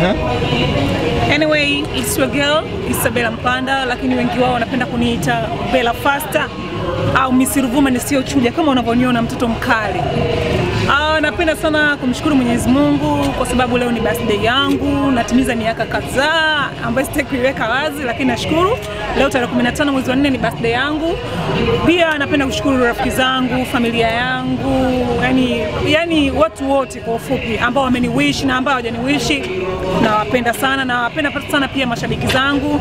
-huh. Anyway, it's your girl Isabella Mpanda, lakini wengi wao wanapenda kuniita Bella Faster au Miss Ruvuma nisiyochuja kama unavyoniona mtoto mkali. Uh, Napenda sana kumshukuru Mwenyezi Mungu kwa sababu leo ni birthday yangu, natimiza miaka kadhaa ambayo sitaki kuiweka wazi, lakini nashukuru leo tarehe 15 mwezi wa 4 ni birthday yangu. Pia napenda kushukuru rafiki zangu, familia yangu, yani, yani watu wote kwa ufupi ambao wameniwishi na ambao hawajaniwishi, nawapenda sana, nawapenda sana pia mashabiki zangu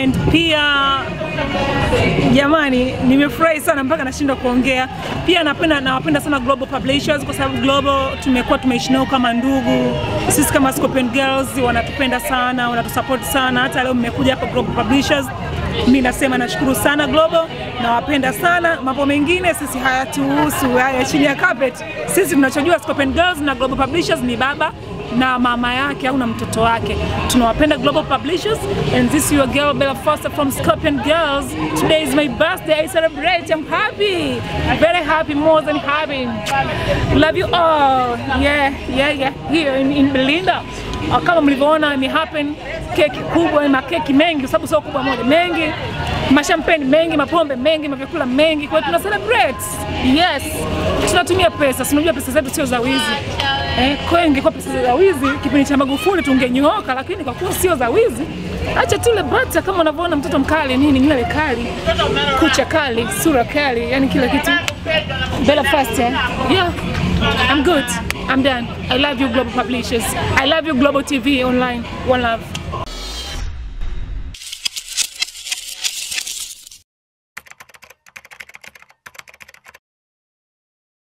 and pia Jamani, nimefurahi sana mpaka nashindwa kuongea. Pia napenda nawapenda sana Global Publishers kwa sababu Global tumekuwa tumeishi nao kama ndugu. Sisi kama Scorpion Girls wanatupenda sana, wanatusupport sana. Hata leo mmekuja hapa Global Publishers Mi nasema nashukuru sana Global, nawapenda sana. Mambo mengine sisi hayatuhusu, haya chini ya carpet. Sisi tunachojua Scope and Girls na Global Publishers ni baba na mama yake au na mtoto wake. Tunawapenda Global Publishers and this is your girl Bella Foster from Scorpion Girls. Today is my birthday. I celebrate. I'm happy. Very happy, more than happy. Love you all. Yeah, yeah, yeah. Here in, in Belinda. Kama mlivyoona it happened keki kubwa, makeki mengi, sababu sio kubwa moja, mengi mashampeni mengi, mapombe mengi, mavyakula mengi. Kwa hiyo tuna celebrate. Yes, tunatumia pesa, Unajua pesa zetu sio za wizi eh. Kwa hiyo ingekuwa pesa za wizi kipindi cha Magufuli tungenyooka, lakini kwa kuwa sio za wizi, acha tule bata, kama unavyoona mtoto mkali, nini, nywele kali, kucha kali, sura kali, yani kila kitu Bella fast eh? Yeah, I'm good. I'm done. I love you Global Publishers. I love you Global TV Online. One love.